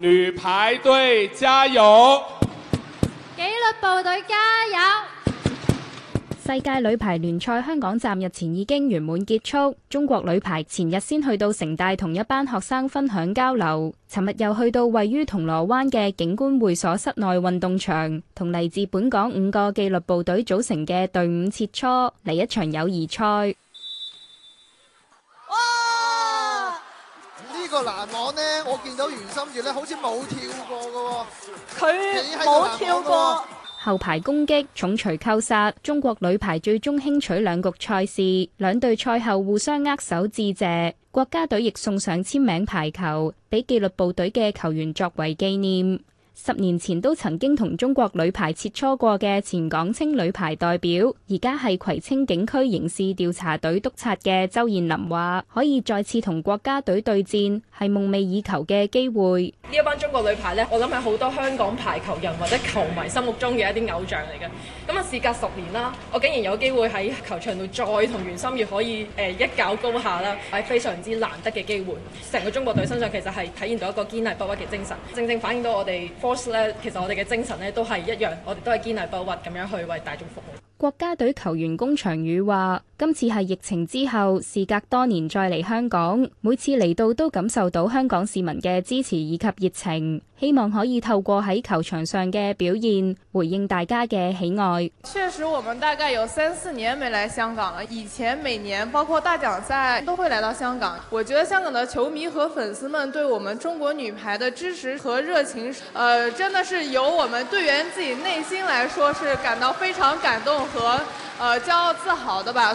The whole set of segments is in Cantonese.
女排隊加油！紀律部隊加油！世界女排聯賽香港站日前已經圓滿結束。中國女排前日先去到城大，同一班學生分享交流。尋日又去到位於銅鑼灣嘅警官會所室內運動場，同嚟自本港五個紀律部隊組成嘅隊伍切磋嚟一場友誼賽。呢個攔網呢，我見到袁心玥咧，好似冇跳過噶，佢冇跳過。後排攻擊重錘扣殺，中國女排最終輕取兩局賽事，兩隊賽後互相握手致謝，國家隊亦送上簽名排球俾紀律部隊嘅球員作為紀念。十年前都曾經同中國女排切磋過嘅前港青女排代表，而家係葵青警區刑事調查隊督察嘅周燕林話：可以再次同國家隊對戰，係夢寐以求嘅機會。呢一班中國女排呢，我諗係好多香港排球人或者球迷心目中嘅一啲偶像嚟嘅。咁啊，事隔十年啦，我竟然有機會喺球場度再同袁心玥可以、呃、一較高下啦，係非常之難得嘅機會。成個中國隊身上其實係體現到一個堅毅不屈嘅精神，正正反映到我哋。其實我哋嘅精神咧都係一樣，我哋都係堅毅不屈咁樣去為大眾服務。國家隊球員龔翔宇話。今次係疫情之後，事隔多年再嚟香港，每次嚟到都感受到香港市民嘅支持以及熱情，希望可以透過喺球場上嘅表現回應大家嘅喜愛。確實，我們大概有三四年沒嚟香港了，以前每年包括大獎賽都會嚟到香港。我覺得香港的球迷和粉絲們對我們中國女排的支持和熱情，呃，真的是由我們隊員自己內心來說是感到非常感動和呃驕傲自豪的吧。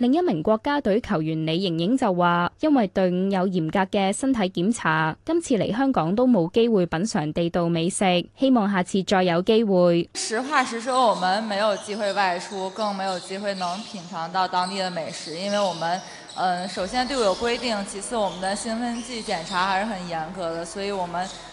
另一名國家隊球員李盈瑩就話，因為隊伍有嚴格嘅身體檢查，今次嚟香港都冇機會品嘗地道美食，希望下次再有機會。實話實說，我們沒有機會外出，更沒有機會能品嘗到當地的美食，因為我們嗯，首先隊伍有規定，其次我們的興奮劑檢查還是很嚴格的，所以我們。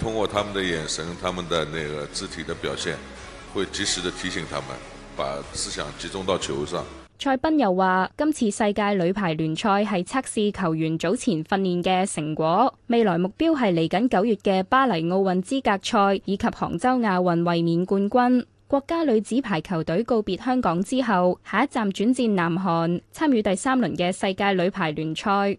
通過他們的眼神、他們的那個肢體的表現，會及時的提醒他們，把思想集中到球上。蔡斌又話：今次世界女排聯賽係測試球員早前訓練嘅成果，未來目標係嚟緊九月嘅巴黎奧運資格賽以及杭州亞運衛冕冠軍。國家女子排球隊告別香港之後，下一站轉戰南韓，參與第三輪嘅世界女排聯賽。